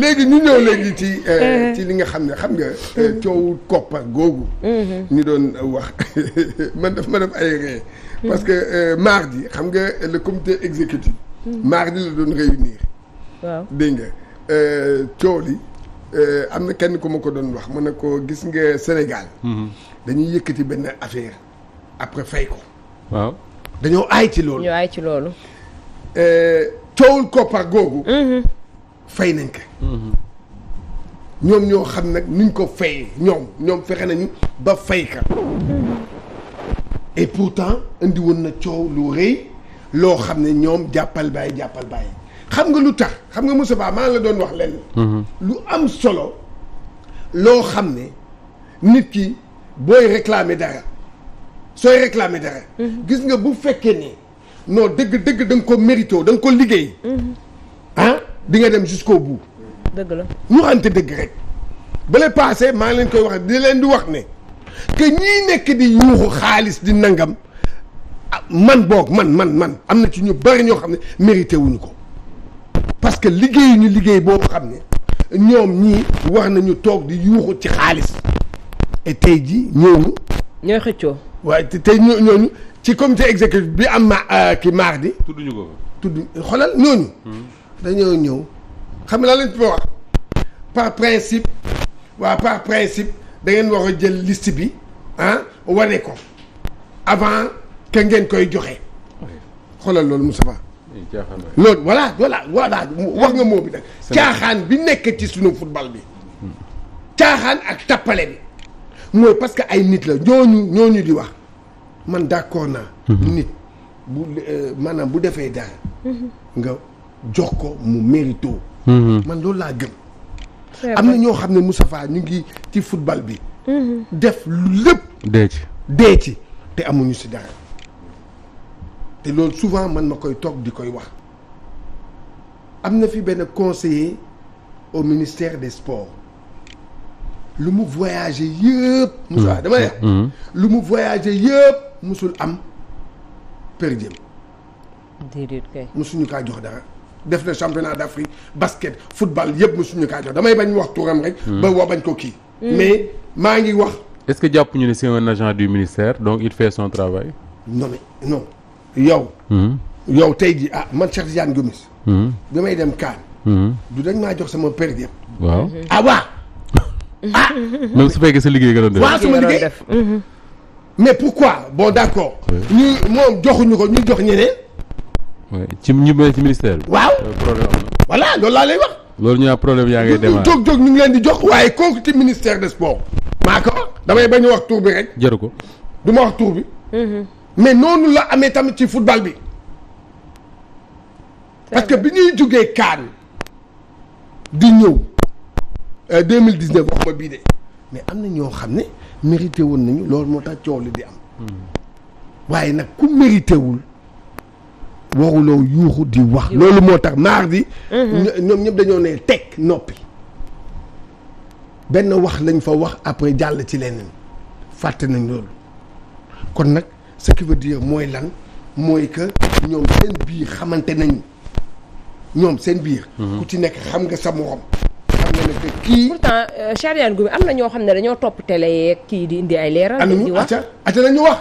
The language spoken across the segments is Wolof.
léegi ñu ñëw léegi ci euh, euh. ci li nga xam ne xam nga euh, mm-hmm. coowu koppar googu mm-hmm. ñu doon wax man daf ma def ay ree mm-hmm. parce que mardi xam nga le comité exécutif mardi la doon réunir waaw dégg nga coow li am na kenn ku ma ko doon wax mën na ko gis nga Sénégal dañuy yëkkati benn affaire après fay ko waaw dañoo ay ci loolu ñoo aay ci loolu coowul koppar googu fay nañ ko. ñoom ñoo xam nag nuñ ko fay ñoom ñoom fexe nañu ba fay ka et pourtant indi woon na coow lu rëy loo xam ne ñoom jàppal bàyyi jàppal bàyyi xam nga lu tax xam nga Moussa Ba maa la doon wax lenn. lu am solo loo xam ne nit ki booy réclamer dara sooy réclamer dara. Mhm. gis nga bu fekkee ne noo dëgg dëgg danga nga ko mérito da ko liggéey. Mhm. di nga dem jusqu'au bout. dëgg la ñu xante dëgg rek. bale passé maa ngi leen koy wax di leen di wax ne que ñii nekk di yuuxu xaalis di nangam ah, man boog man man man am na ci ñu bari ñoo xam ne mérité wuñu ko parce que liggéey ñu liggéey boobu xam ne ñoom ñii war nañu toog di yuuxu ci xaalis et tey ji ñooñu. ñooy xëccoo. waaye tey ñooñu ci comité exécutif bi am ma euh, ki mardi. tudduñu ko. tudd xoolal ñooñu. Hmm. dañoo ñëw xam nga lan lañ wax par principe waa par principe da ngeen war a jël liste bi ah wane ko avant que ngeen koy joxe. xoolal loolu mu Ba. loolu voilà voilà wax nga moo bi nag. caaxaan bi nekk ci suñu football bi. caaxaan ak tappale bi. mooy parce que ay nit la ñooñu ñooñu di wax man d'accord naa. Mm-hmm. nit bu euh, maanaam bu defee dara. Mm-hmm. nga. jox ko mu mérito mhm. man loolu laa gëm am na ñoo xam ne Moustapha ñu ngi ci football bi mhm. def lu lépp dee ci dee ci te amuñu si dara te loolu souvent man ma koy toog di koy wax am na fi benn conseiller au ministère des sports lu mu voyagé yëpp Moussa mhm. lu mu voyagé yëpp musul am per diem déedéet musuñu kaa jox dara def na championnat d'Afrique basket football yëpp mosuñu kaa jox damay bañ wax turam rek. Hmm. ba woo bañ ko kii. Hmm. mais maa ngi wax. est-ce que jàpp ñu ne c'est un agent du ministère donc il fait son travail. non mais non yow. Hmm. yow tey jii ah man Cheikh Tidiane Gomis. bi may dem Kaan. du dañ maa jox sama per waaw ah waa. ah même su fekkee sa liggéey nga doon def. waaw sama liggéey mais pourquoi bon d'accord. ñu moom joxuñu ko ñu jox ñeneen. ci ñu bëri ci ministère bi. waaw euh, problème am na. voilà loolu laa lay wax. loolu ñu naan problème yaa ngay démarrer jóg jóg ñu ngi leen di jox waaye kooku ci ministère des sports. maa ko damay bañ wax tur bi rek. jëru ko du ma wax tur bi. Mhm. mais noonu la amee tamit ci football bi. parce que bi ñuy jógee kaan di ñëw euh, deux mille dix neuf wax ma bii de mais am na ñoo xam ne mérité woon nañu loolu moo tax coow li di am. Hmm. waaye nag ku mérité wul. waruloo yuuxu di wax loolu moo tax naar bi mhm. ñoom ñëpp dañoo ne teg noppi benn wax lañ fa wax après jàll ci leneen fàtte nañ loolu kon nag ce qui veut dire mooy lan mooy que ñoom seen biir xamante nañ ñoom seen biir mhm. ku ci nekk xam nga sa morom xam nga ne kii pourtant euh, Chariane Goumi am na ñoo xam ne dañoo topp télé yeeg kii di indi ay leeral di wax acca nañu wax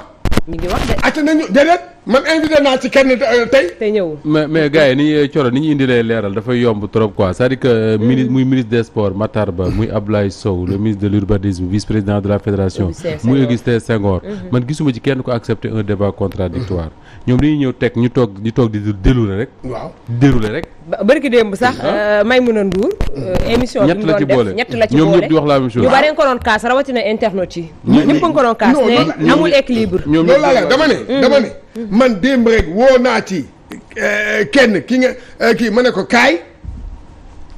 ñu ngi wax de acca nañu déedéet man invité naa ci kenn euh, tey. tey ñëwul mais mais gars yi ni Coro ni ñu indi lay leeral dafay yomb trop quoi c'est-à-dire que. Euh, mm. ministre muy ministre des sports Matar Ba muy Abdoulaye Sow le ministre de l'urbanisme vice-président de la fédération. muy Augustin Senghor mm-hmm. man gisuma ci kenn ko accepter un débat contradictoire ñoom dañuy ñëw teg ñu toog ñu toog di dérouler rek. waaw dérouler rek. bërki démb sax ah. euh, Maimouna Ndour. émission bi mu doon def ñett la ci boole ñoom la même chose. ñu bari ko doon kaas man démb rek woo naa ci eh, kenn ki nga eh, kii ma ne ko kaay.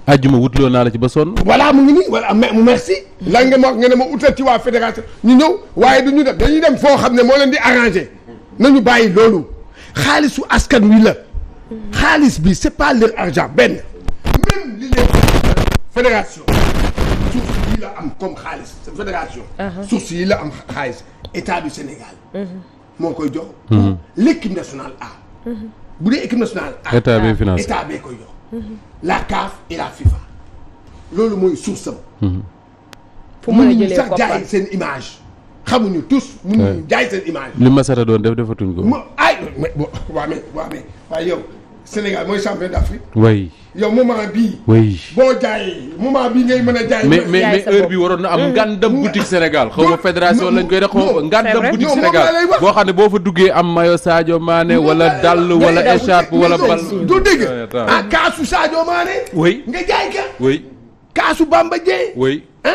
ajjuma wutloo naa la ci ba sonn. voilà mu ngi nii voilà merci. lan nga ma wax nga ne ma utal ci waa fédération ñu ñëw waaye du ñu def dañuy dem foo xam ne moo leen di arrangé nañu bàyyi loolu xaalisu askan wi la. xaalis bi c'est pas leur argent benn. même li leen fédération suuf yi la am comme xaalis fédération. Uh-huh. suuf yi la am xaalis état du Sénégal. Uh-huh. moo koy jox. Mhm. l' équipe nationale A. Mhm. bu dee équipe nationale état bee financé état bee koy jox. Mhm. la CAF et la FIFA. loolu mooy source am. fu mën a jëlee sax jaay seen image. xamuñu tous. waaw mënuñu jaay seen image. li Masara doon def defatuñ ko. mu ay waaw mais waaw mais waaye yow. Sénégal mooy champion d'Afrique. oui yow moment bii. oui boo jaayee moment bii ngay mën a jaay. mais mais heure bi waroon na am mmh. ngàndam boutique Sénégal xaw ma fédération lañ koy def xaw ma ngàndam boutique boo xam ne boo fa duggee am maillot Sadio Mané wala dàll wala écharpe wala bal. du dégg ah kaasu Sadio Mané. oui nga jaay ka. oui kaasu Bamba Dieng. oui ah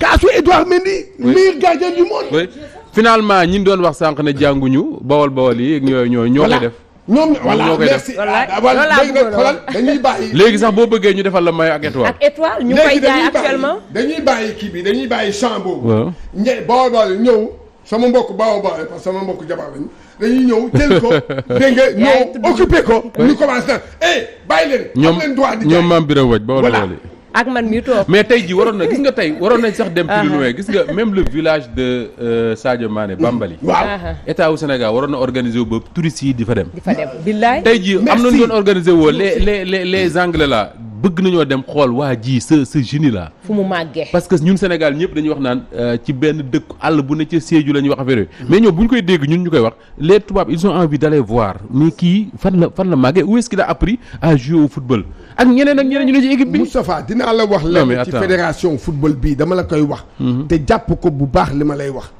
kaasu Edouard Mendy. oui meilleur gardien du monde. finalement doon wax sànq ne jànguñu bawol bawol yi ak ñooy ñooy ñoo koy def. ñoom ñoo koy def voilà ah, léegi nag xoolal dañuy bàyyi. léegi sax boo bëggee ñu defal la maillot ak étoile. ak étoile ñu koy jaay actuellement dañuy bàyyi kii bi dañuy bàyyi champ boobu. waaw ñe boobaa ñëw. sama mbokk baaw baaw parce que sama mbokk jabar lañu dañuy ñëw jël ko nga ñëw occupé ko. ñu commencé nag eh bàyyi leen. am leen droit di jaay ñoom ñoom maam Birame Waj ba wala ak man mi mais tey ji waroon na gis nga tey waroon nañ sax dem plus loin gis nga même le village de euh, Sadio Mané Bambali waaw état wu Sénégal waroon na organiser wu ba touristes yi di fa dem di tey ji am na ñu doon organiser woo les les les les angles là bëgg nañoo dem xool waa jii sa sa génie la. fu mu màggee parce que ñun Sénégal ñëpp dañuy wax naan euh, ci benn dëkk àll bu ne ca Sédhiou la ñuy wax affaire yooyu. Mm-hmm. mais ñoo bu ñu koy dégg ñun ñu koy wax les tubaab ils ont envie d'aller voir mais kii fan la fan la màggee où est-ce qu'il à jouer au football. ak ñeneen ak ñeneen ñu ne ci équipe bi Moustapha dinaa la wax. lenn ci fédération football bii dama la koy wax. Mm-hmm. te jàpp ko bu baax li ma lay wax.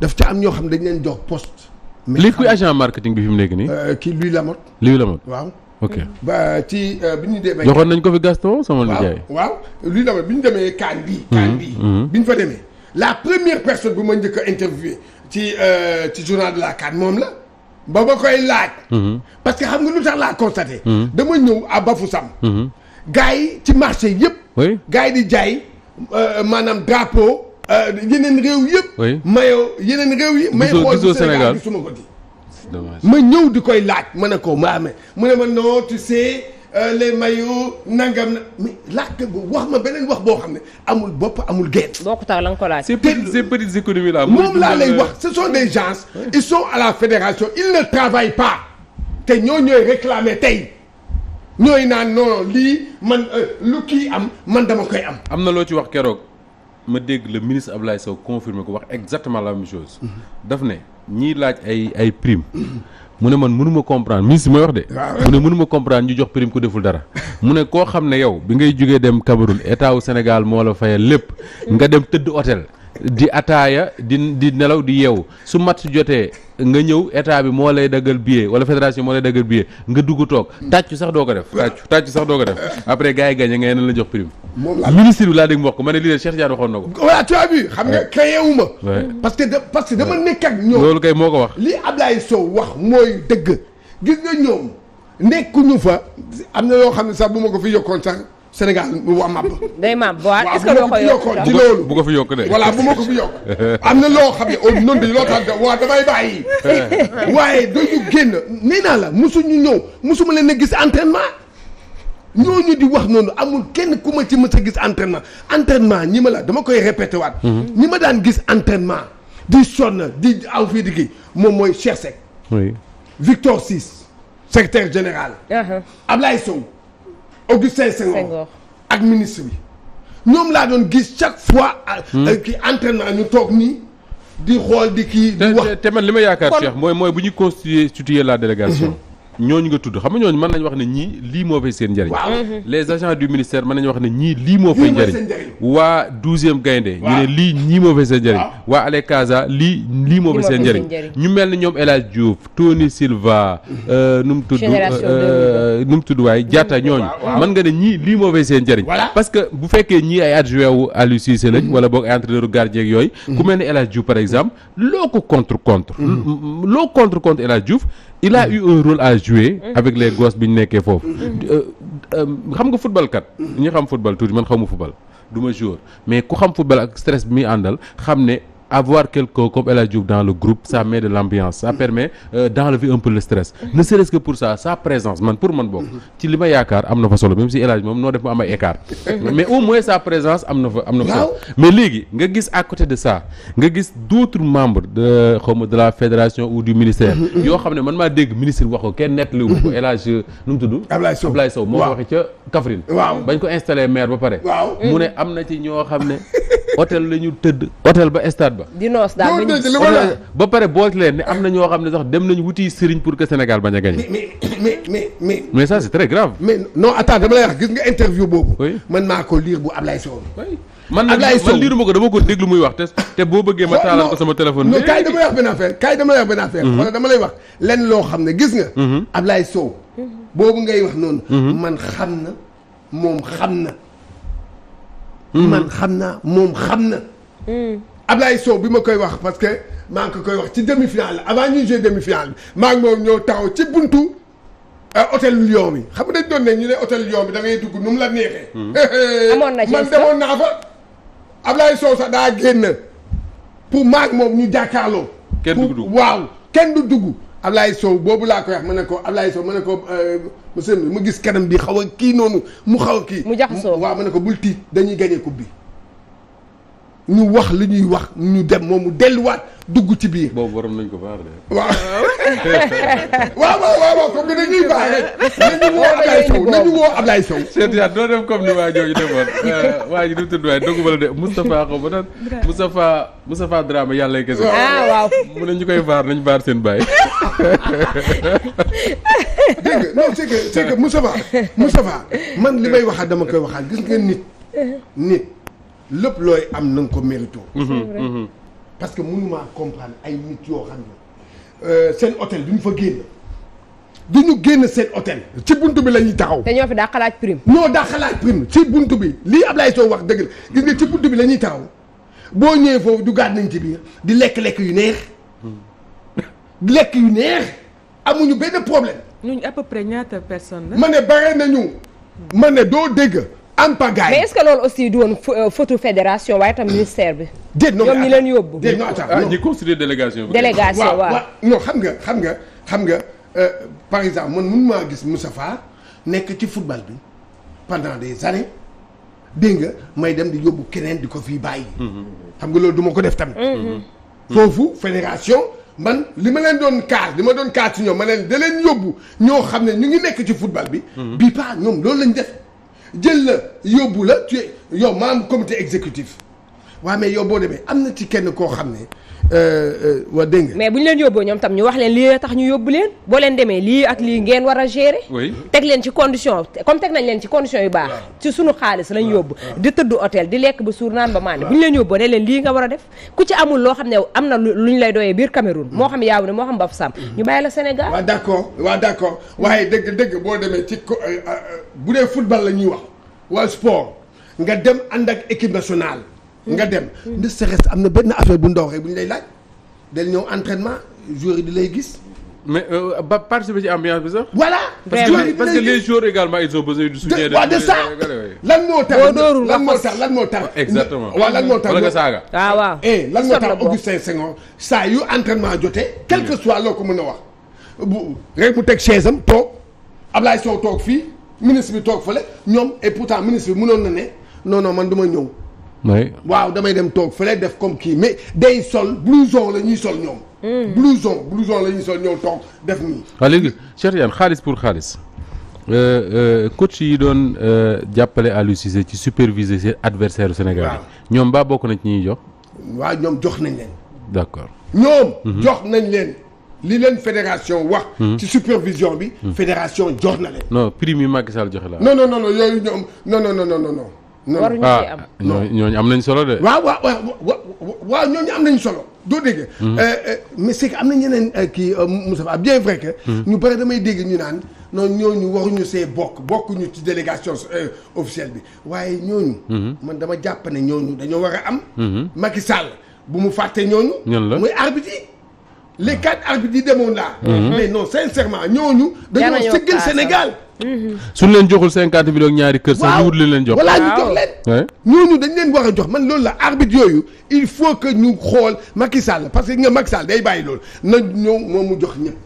daf ca am ñoo xam dañ leen jox poste. mais léegi kuy agent bi fi mu nekk nii. Euh, kii Louis Lamotte. Louis Lamotte waaw. ok ba ci euh, ñu demee. joxoon nañ ko fi Gaston sama nijaay. waaw waaw luy la bi ñu demee kaan bi mhm, kaan bii mhm. bi ñu fa demee. la première personne bu ma njëkk a interviewé ci euh, ci journal de la CAN moom la ba ma koy laaj. Mhm. parce que xam nga lu tax laa constaté. dama ñëw à Bafoussam. gars yi ci marché yëpp. oui gars yi di jaay euh, maanaam drapeau. yeneen réew yëpp. oui mayoo yeneen réew yi. gisoo gisoo Sénégal mayoo Sénégal gisuma ko di. ma ñëw di koy laaj ma ne ko ma amee mu ne ma non tu sais euh, les maillots nangam na mais laajte boobu wax ma beneen wax boo xam ne amul bopp amul génn. boo tax la nga ko laaj. ces petites moom laa lay euh, wax ce sont des gens. ils sont à la fédération ils ne travaillent pas. te ñoo ñooy réclamer tey ñooy naan non lii man euh, lu kii am man dama koy am. am na loo ci wax keroog ma dégg le ministre Abdoulaye Sow confirmer ko wax exactement la même chose. Mm-hmm. daf ne. ñiy laaj ay ay prime mu ne man mënuma comprendre ministre mooy wax de mu ne mënuma comprendre ñu jox prime ku deful dara mu ne koo xam ne yow bi ngay jógee dem Cameroun état wu senegal moo la fayal lépp nga dem tëdd hôtel di ataaya di di nelaw di yeewu su mat su jotee nga ñëw état bi moo lay daggal billet wala fédération moo lay daggal billet nga dugg toog tàccu sax doo ko def tàccu sax doo ko def après gars yi gagné ngay na la jox prime ministre bi laa dégg mbokk ma ne lii de Cheikh waxoon na ko voilà tu as xam nga créé wu parce que parce que dama nekk ak ñoom loolu kay moo ko wax li Ablaye Sow wax mooy dëgg gis nga ñoom nekkuñu fa am na yoo xam ne sax bu ma ko fi yokkoon sax Sénégal bu am màbb. day màbb waaw est-ce ko bu ko fi yokk de. voilà bu ma ko fi yokk am na loo xam ne au oh, non de loo tax waaw damay bàyyi. waaye dañu génn nee naa la mosuñu ñëw mosuma leen a gis entraînement. ñooñu di wax noonu amul kenn ku ma ci mës a gis entraînement entraînement ñi ma la dama koy répété waat. Mhm. ñi ma daan gis entraînement. di sonn di aw fii di kii moom mooy Cheikh Seck. oui Victor Ciss secrétaire général. Uh-huh. Ablaye Sow. Augustin Senghor ak ministre bi ñoom laa doon gis chaque fois. Euh, hmm. ki entraînement ñu toog nii di xool di kii. di wax te man li ma yaakaar Cheikh mooy mooy bu ñu constituer la délégation. Mhm. ñooñu nga tudd xam nga ñooñu mën nañu wax ne ñii lii moo fay seen njëriñ mhm. les agents du ministère mën nañu wax ne ñii lii waa douzième gaynde ñu ne lii ñii moo fay seen njëriñ waa ale casa lii lii moo fay seen njëriñ ñu mel ni ñoom El Hadj Diouf Tony Silva mhm. euh, nu mu tudd euh, nu mu tudd waay Diatta mhm. ñooñu mën nga ne ñii lii moo fay seen njëriñ parce que bu fekkee ñii ay adjoint wu Aliou Cissé lañ wala boog ay entraîneur yooyu ku mel ni El Hadj Diouf par exemple loo ko contre contre loo contre contre El Hadj il a mhm. eu un rôle à jouer mhm. avec les gosses bi ñu nekkee foofu mhm. euh, euh, xam nga football kat ñi xam football tuuti man xaw ma football duma ma mais ku xam football ak stress bi muy àndal xam ne avoir quelqu'un comme El Hadj Diouf dans le groupe ça met de l'ambiance ça permet euh, d'enlever un peu le stress mm-hmm. ne serait que pour ça sa présence man pour man bokk mm-hmm. ci li ma yaakaar am na fa solo même si El moom noo def mu am ay écart mm-hmm. mais au moins sa présence am na fa am na fa solo mais léegi nga gis à côté de ça nga gis d'autres membres de xaw de la fédération ou du ministère yoo xam ne man maa dégg ministre wax ko kenn nett liwu ko El Hadj nu mu tudd Ablaye Sow ba pare mu ne hôtel la ñu tëdd hôtel ba stade ba. di noos daal ba pare boot leen ni am na ñoo xam ne sax dem nañ wuti sëriñ pour que Sénégal bañ a gagné. mais mais mais mais. mais ça c'est très grave. mais non attends dama lay wax gis nga interview boobu. man maa ko lire bu Ablaye Sow. man Ablaye Sow man liiru ma ko dama ko déglu muy wax te te boo bëggee ma taalal ko sama téléphone. non kaay dama lay wax benn affaire kaay dama lay wax benn affaire. Mhm. wala dama lay wax lenn loo xam ne gis nga. Mhm. Ablaye Sow. Mhm. boobu ngay wax noonu. man xam na moom xam na. Hmm. man xam naa moom xam na. Hmm. Ablaye Sow bi ma koy wax parce que maa ngi ko koy wax ci demi finale avant ñuy jouer demi finale bi maa ngi moom ñoo taxaw ci buntu euh, hôtel Lyon bi xam nga dañ doon ne ñu ne hôtel Lyon bi da ngay dugg nu mu la neexee. Hmm. amoon na man demoon naa fa. Ablaye Sow sax daa génn pour maa moom ñu jàkkaarloo. kenn du dugg waaw kenn du dugg. Ablaye soow boobu laa koy wax ma ne ko Ablaye Sow ma ne ko euh, mu gis kanam bi xaw a kii noonu mu xaw kii. mu jax jaxasoo waaw ma ne ko bul tiit dañuy gagné coupe bi. ñu wax li ñuy wax ñu dem moom mu delluwaat dugg ci biir. boobu waroon nañ ko baar de. waaw waaw waaw waaw comme dañuy baax rek. nañu dem comme ni waa jooju demoon euh, waa ji du tudd waaye doguma la de Moustapha xaw ma naan yàlla lay kese. ah waaw mu ne ñu koy baar nañu baar seen baay. dégg nga non c'est que c'est que Moustapha man li may waxaat dama koy waxaat gis nga nit nit lépp looy am na nga ko mérito mhm, mhm. parce que mënumaa comprendre ay nit yoo xam ne euh, seen hôtel duñu fa génn du ñu génn seen hôtel ci bunt bi la ñuy taxaw. te ñoo fi daa xalaat prime. non daa xalaat prime ci bunt bi lii Ablaye Sow wax dëgg gis nga ci buntu bi la ñuy taxaw boo ñëwee foofu du gaat nañ ci biir di lekk-lekk yu neex. Mhm. lekk yu neex amuñu benn problème. ñooñu à peu près ñaata personne la. ma ne bare nañu. ma ne doo dégg. am pagaille mais est-ce que loolu aussi du woon euh, photo fédération waaye tam ministère bi. déet non ñoom ñi ah, leen yóbbu. déet non attends ah ñi constitué délégation. délégation waaw non xam nga xam nga xam nga euh, par exemple man mun maa gis Moustapha nekk ci football bi pendant des années dégg nga may dem di yóbbu keneen di ko fii bàyyi. Mhm. xam nga loolu du ma ko def tamit. Mhm. foofu fédération. man li ma leen doon kaas li ma doon kaas ci ñoom ma leen da leen yóbbu ñoo xam ne ñu ngi nekk ci football bi. Hmm. bii pas ñoom loolu lañ def jël la yóbbu la tu yow maam comité exécutif. waaw mais yow boo demee am na ci kenn koo xam ne euh, euh, waa dégg nga bu ñu leen yóbboo ñoom tam ñu wax leen lii tax ñu yóbbu leen boo leen demee lii ak lii ngeen war a gérer. teg leen ci condition comme teg nañ leen ci condition yu baax. ci sunu xaalis lañ yóbbu. di tëdd hôtel di lekk ba suur naan ba maane. bu ñu leen yóbboo ne leen lii nga war a def ku ci amul loo xam ne am na lu ñu lay doyee biir Cameroun. Mm. moo xam yaaw ne moo xam Bafoussam. Mm. ñu bàyyi la Sénégal. waaw d' accord waaw d' dëgg dëgg boo demee ci euh, bu dee football la ñuy wax waa sport nga dem ànd ak équipe nga dem ne serait am na benn affaire bu ndaw rek bu ñu lay laaj del ñëw entraînement joueurs yi di lay gis mais euh, ba participer ci ambiance bi sax. voilà parce que parce les joueurs également ils ont besoin du lan moo tax lan moo lan moo tax. exactement waaw lan moo tax. wala nga saaga. ah waaw eh lan moo tax Augustin Senghor saa yu entraînement jotee. quel soit loo ko mën a wax. bu rek mu teg chaise am toog Ablaye Sow toog fii ministre bi toog fële ñoom et pourtant ministre bi mënoon na ne non man du ñëw. waaw damay dem toog fële def comme kii mais day sol blouson la ñuy sol ñoom. Hmm. blouson blouson lañuy sol ñoom toog def nii. waaw ah, léegi Cheikh xaalis pour xaalis euh, euh, coach yi doon euh, jàppale Aliou Cissé ci superviser seen adversaire Sénégal yi ñoom baa bokk na ci ñuy jox. waaw ñoom jox nañ leen. d'accord ñoom. Mhm. jox nañ leen. li leen fédération wax. Mhm. ci supervision bi. Mhm. fédération jox na leen. non prime yi Macky Sall joxe la. non non non yooyu ñoom non non waruñu ah, ci am ñooñu am nañ solo de. waaw waaw waaw am nañ solo doo dégg. Mhm. Euh, euh, mais c'est que am na ñeneen euh, kii Moustapha bien vrai que. Mhm. ñu bëri damay dégg ñu naan non ñooñu ñu see bokk ñu ci délégation officielle bi waaye ñu mhm. man dama jàpp ne ñooñu dañoo war a am. Macky Sall bu mu fàtte ñoo ñan la muy arbitre les quatre arbitres yi demoon là. mais non sincèrement ñooñu. dañoo sëggal Sénégal. suñ leen joxul cinquante millions ñaari kër sax ñu wut li leen jox voilà ñu jox leen ñooñu dañ leen wax a jox man loolu la arbitre yooyu il faut que ñu xool Macky Sall parce que nga Macky Sall day bàyyi loolu na ñëw moom mu jox ñëpp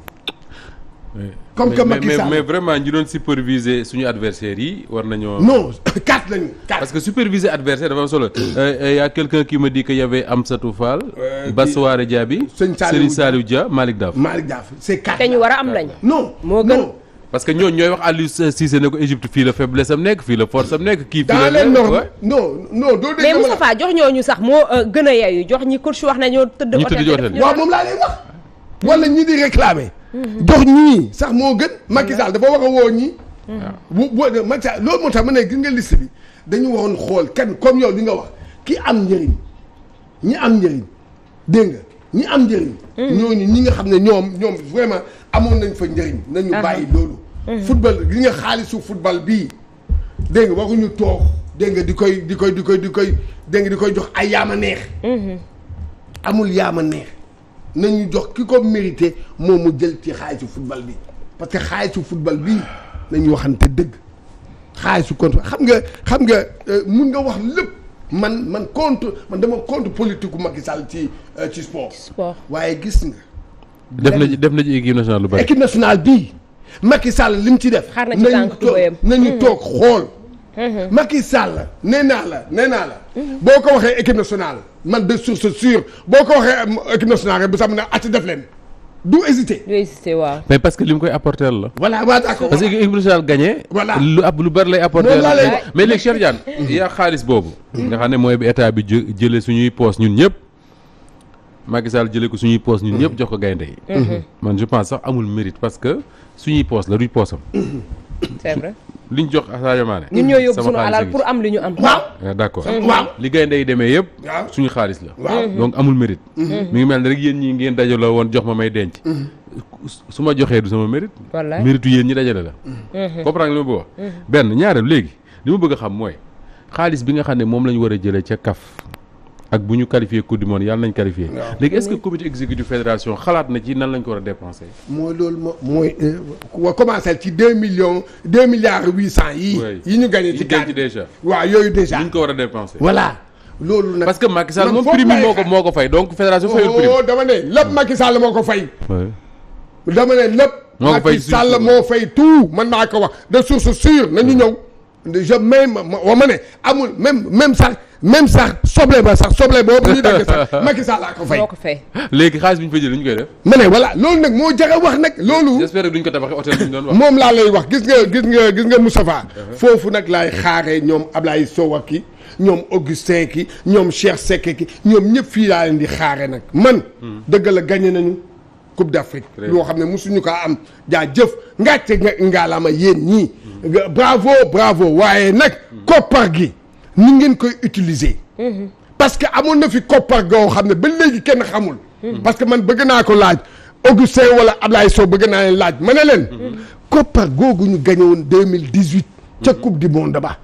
comme que mais vraiment ñu doon superviser suñu adversaire yi war nañoo. non quatre lañu quatre. parce que superviser adversaire dafa solo. Euh, euh, y' a quelqu'un qui me dit que y avait Amsatou Fall. Euh, Bassouare Diaby. Sëñ Saliou Sëñ Daaf. Malick Daaf c'est quatre. te ñu war a am lañ. non. moo gën. parce que ñooñu ñooy wax Aliou Cissé ne ko Égypte fii la faiblesse am nekk fii la force am nekk. kii fii la nekk non non doo dégg mais Moustapha jox ñooñu sax moo euh, gën a yeeyu jox ñi coach wax nañoo. tëdd hôtel waaw moom laa lay wax. wala ñi di réclamer. Mm-hmm. jox sax moo gën. Macky mm-hmm. Sall dafa war a woo ñii. bu mm-hmm. bu Macky Sall loolu moo tax ma ne gis nga liste bi dañu waroon xool kenn comme yow li nga wax ki am njëriñ ñi am njëriñ dégg ñi am njëriñ. Mm. ñooñu ñi nga xam ne ñoom ñoom vraiment amoon nañ fa njëriñ. Ah. nañu bàyyi mm. loolu. Mm. football li nga xaalisu football bii dégg nga waxuñu toog dégg nga di koy di koy di koy di koy dégg nga di koy jox ay yaama neex. Mm-hmm. amul yaama neex nañu jox ki ko mérité moom mu jël ci xaalisu football bi parce que xaalisu football bi nañu waxante dëgg xaalisu contre xam nga xam nga euh, mun nga wax lépp. man man contre man dama contre politique gu Macky Sall ci euh, ci sport. sport waaye gis nga. def na ci def na ci équipe nationale lu bari. équipe nationale bii Macky Sall li mu ci def. xaar na ci tànk nañu toog hmm. xool. Hmm. Hmm. Macky Sall nee naa la nee naa la. boo ko waxee équipe nationale man de source sûre boo ko waxee euh, équipe nationale rek bu sax mu ne def leen. du hésiter. du hésiter waaw. mais parce que li mu koy apporter la. voilà waaw d'accord parce que équipe nationale gagné. voilà lu ab lu bari lay apporter la mais léegi Cheikh Diagne. Mm-hmm. yaa xaalis boobu. nga xam ne mooy bi état bi jë jëlee suñuy poos ñun ñëpp. Macky Sall jëlee ko suñuy poos ñun ñëpp mm-hmm. jox ko gaynde yi. Mm-hmm. man je pense sax amul mérite parce que suñuy poos la du poosam. c'est li ñu jox Sadio Mané. ñun ñoo yóbbu sunu alal pour am li ñu am. waaw eh, d'accord waaw. li gaynde yi demee yëpp. suñu xaalis la. Mm-hmm. donc amul mérite. Mm-hmm. mi ngi mel ni rek yéen ñi ngeen dajaloo woon jox ma may denc. Mm-hmm. su ma joxee du sama mérite. wallaay méritu yéen ñi dajale la. comprendre li ma bëgg wax. benn ñaareel léegi li ma bëgg a xam mooy xaalis bi nga xam ne moom la ñu war a jëlee ca kaf ak bu ñu qualifié coupe du monde yàlla nañ qualifié. léegi est-ce que comité exécutif fédération xalaat na ci nan lañ ko war a dépensé. mooy loolu moo mooy. Euh, wa commencé ci deux millions deux milliards huit cent yi yi ñu gagné ci gàncax déjà. waa yooyu déjà ñu ko war a dépensé. voilà loolu nag. parce que Macky Sall moom prime moo ko moo fay donc fédération fayul prime. oh dama moo ko fay. dama ne lépp. moo ko fay moo fay tout mën naa ko wax de source sûre nañu ñëw. je même ma ma ne amul même même sax. même sax soble ba sax soble boobu ñuy dagg sax Macky laa ko fay. moo ko léegi xaalis bi ñu fa ñu koy def. ma ne voilà loolu nag moo jar a wax nag loolu. duñ ko tabaxee hôtel bi ñu doon moom laa lay wax gis nga gis nga gis nga Moustapha. Uh-huh. foofu nag laay xaaree ñoom Ablaye Sow ak ki ñoom Augustin ki ñoom Cheikh Seck ki ñoom ñëpp fii laa leen di xaare nag man. Hmm. dëggal la gagné nañu. Coupe d'Afrique loo xam ne musuñu ko am jaa jëf ngàcce ngaalama yéen ñii. Hmm. bravo bravo waaye nag hmm. koppar gi. ni ngeen koy utiliser. Mhm. parce que amoon na fi koppar goo xam ne ba léegi kenn xamul. Mhm. parce que man bëgg naa ko laaj Augustin wala Ablaye Sow bëgg naa laaj ma ne leen. Mhm. koppar googu ñu gagné woon deux mille dix huit. ca coupe du monde ba.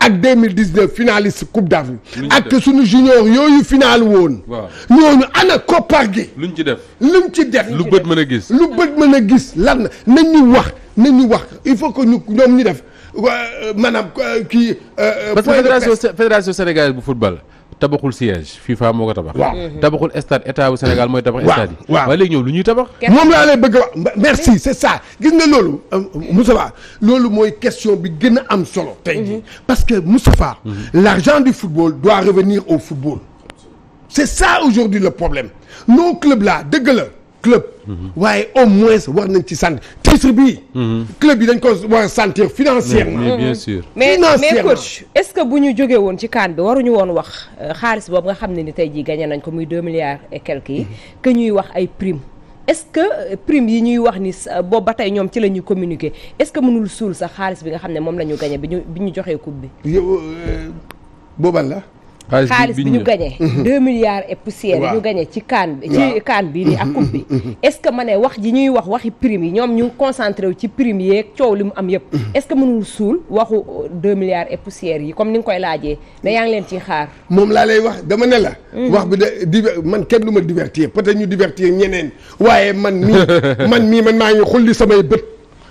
ak deux mille dix neuf finaliste coupe d'Afrique ak suñu junior yooyu final woon. waaw ñooñu ana koppar gi. luñ ci def luñ ci def. lu bët mën a gis lu bët mën a gis lan nañ ñu wax nañ ñu wax il faut que ñu ñoom ñu def. Euh, maanaam kii. Euh, euh, parce que fédération fédération sénégalaise bu football. tabaxul siège FIFA moo ko tabax. waaw tabaxul stade état bu Sénégal mooy tabax. stade yi waaw waaye léegi ñoom lu ñuy tabax. moom laa lay bëgg a wax merci c'est ça gis nga loolu. Moustapha loolu mooy question bi gën a am solo. tey mhm. parce que Moustapha. Mhm. l'argent du football doit revenir au football. c'est ça aujourd'hui le problème nos clubs la dëgg la club. Mhm. waaye au moins war nañ ci sant titre bi. Mhm. club yi dañ ko war a sentir mais mais mais coach est-ce que bu ñu jógee woon ci kaan bi waruñu woon wax euh, xaalis boobu nga xam ne ni tey jii gagné nañ ko muy deux milliards et quelques yi mhm. que ñuy wax ay primes. est-ce que euh, prime yi ñuy wax ni euh, boobu ba tey ñoom ci la ñuy communiquer est-ce que mënul suul sax xaalis bi nga xam ne moom la ñu bi ñu bi ñu joxee coupe bi. yow la. xaalis bi ñu gagné. deux milliards et poussière yi ñu gagné ci kaan bi ci kaan bi nii ak coupe bi est que ma ne wax ji ñuy wax waxi prime yi ñoom ñu ngi wu ci prime yeeg coow li mu am yëpp est que mënul suul waxu euh, deux milliards et poussière yi comme ni nga koy laajee da yaa ngi leen ciy xaar moom laa lay wax dama ne la hmm. wax bi de man kenn du ma divertir peut-être ñu divertir ñeneen waaye man mii man mii man maa ngi xulli samay bët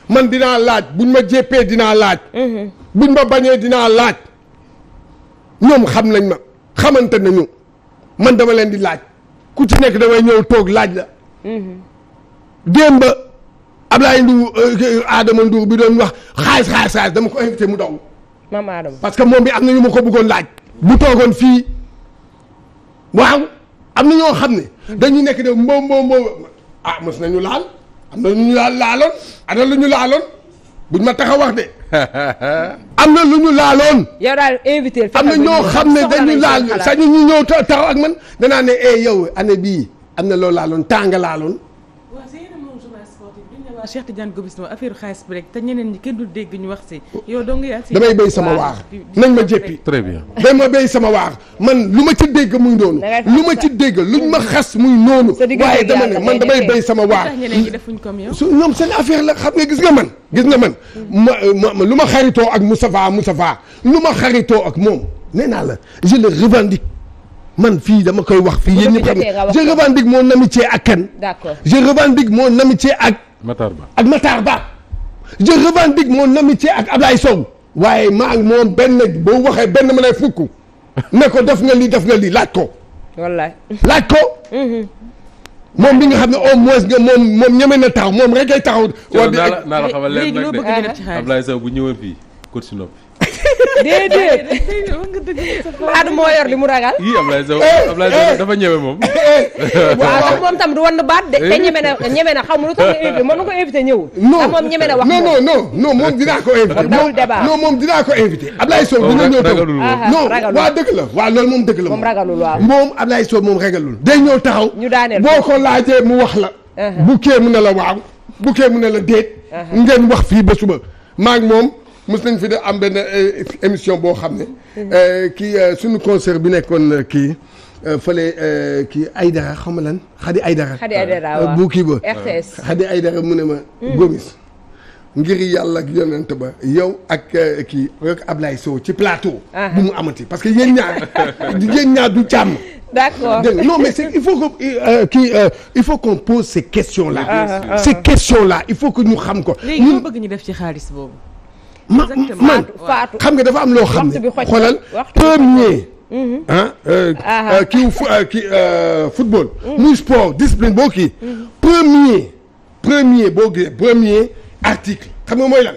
man dinaa laaj buñ ma jéppee dinaa laaj hmm. buñ ma bañee dinaa laaj ñoom xam nañ ma xamante nañu man dama leen di laaj ku ci nekk damay ñëw toog laaj la démb ba Ablaye Ndour aadama euh, Ndour bi doon wax xaalis xaalis dama ko invité mu daw maam parce que moom bi am na ñu ma ko bëggoon laaj bu toogoon fii waaw am na ñoo xam ne dañuy nekk de mboom mboom mboom ah mos nañu laal am na ñu laal laaloon ana lu ñu laaloon buñ ma tax a de am na lu ñu laaloon. yow invité am na ñoo xam ne dañu laal sañu ñu ñëw taxaw ak man danaa ne eh yow année bii am na loo laaloon tàng laaloon. Cheikh Tidiane Gomis moom affaire xaalis bi rek te ñeneen ñi kenn du dégg ñu wax si yow dong yaa si damay béy sama waax nañ ma jéppi très bien dama béy sama waax man lu ma ci dégg muy noonu lu ma ci dégg luñ ma xas muy noonu waaye dama ne man damay béy sama waax su ñoom seen la xam nga gis nga man gis nga man ma lu ma xaritoo ak Moustapha Moustapha lu ma xaritoo ak moom nee naa la je le revendique man fii dama koy wax fii yéen ñëpp xam nga je revendique mon amitié ak kan je revendique mon amitié ak Matar Ba ak Matar Ba je revendique mon amitié ak Ablaye Sow waaye maa ngi moom benn boo waxee benn ma lay fukk nekko ko def nga lii def nga lii laaj ko. wallaay laaj ko. Mhm. moom bi nga xam ne au moins nga moom moom na taxaw moom rek ay taxaw. war di naa la xamal leen nag bu Ablaye Sow bu ñëwoon fii. déedéet. Adou moo yor li mu ragal. yii Ablaye Sow eh, eh. Ablaye Sow dafa ñeme moom. Eh, waaw moom tam du wan baat de te ñeme na ñeme na xaw ma lu tax nga invité mënu ko invité ñëwul. non moom ñeme na wax non non non non moom dinaa ko invité. moom non moom dinaa ko invité Ablaye Sow. dina oh, ñëw taw ah, ah, non waa dëgg la waaw loolu moom dëgg la. moom ragalul waaw moom Ablaye Sow de ragalul. taxaw ñu daaneel boo ko laajee mu wax la. Uh-huh. bu kee mu na la waaw bu kee mu ne la déet. Uh-huh. ngeen wax fii ba suba maa ngi moom mës nañ fi de am benn euh, émission boo xam ne. Euh, kii euh, suñu concert bi nekkoon kii fële kii Aydara xaw ma lan Xadi Aydara. Xadi Aydara waaw bu kii ba. RTS Xadi Aydara mu ne ma. Hmm. Gomis ngir yàlla ak yonent ba yow ak kii ab Ablaye Sow ci plateau. Ah. bu mu amati parce que yéen ñaar yéen ñaar du jàmm. d'accord non mais c'est il faut que kii il faut qu'on pose ces questions la ah, ah, ces questions là il faut que ñu xam ko. léegi bëgg ñu def ci xaalis boobu. man xam nga dafa am loo xam ne xoolal premier mhm. ah, euh, ah, ah. Euh, kii euh, kii football mhm. muy sport discipline boo kii mhm. premier premier boo gisee premier article xam nga mooy lan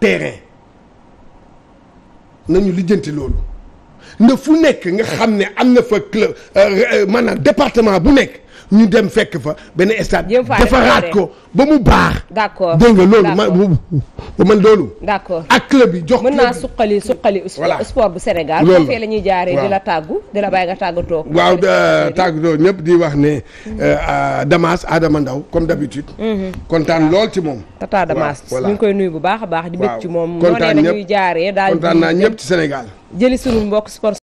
terrain nañu lijjanti loolu nda fu nekk nga xam ne am na fa club maanaam département bu nekk ñu dem fekk fa benn stade. defaraat ko ba mu baax. d' accord dégg nga loolu ma man loolu. d' accord ak club yi jox. mën naa suqali suqali. sport bu Sénégal. loolu fee la ñuy jaaree di la tàggu di la bàyyi nga tàggatoo. waaw tàggatoo ñëpp di wax ne. Mm-hmm. Euh, Damas Adama Ndaw comme d' habitude. Mm-hmm. kontaan lool ci moom. tata Damas ñu ngi koy nuy bu baax a baax. di bëgg ci moom. kontaan ñëpp ñuy jaaree daal kontaan ñëpp ci jëli sunu mbokk sport.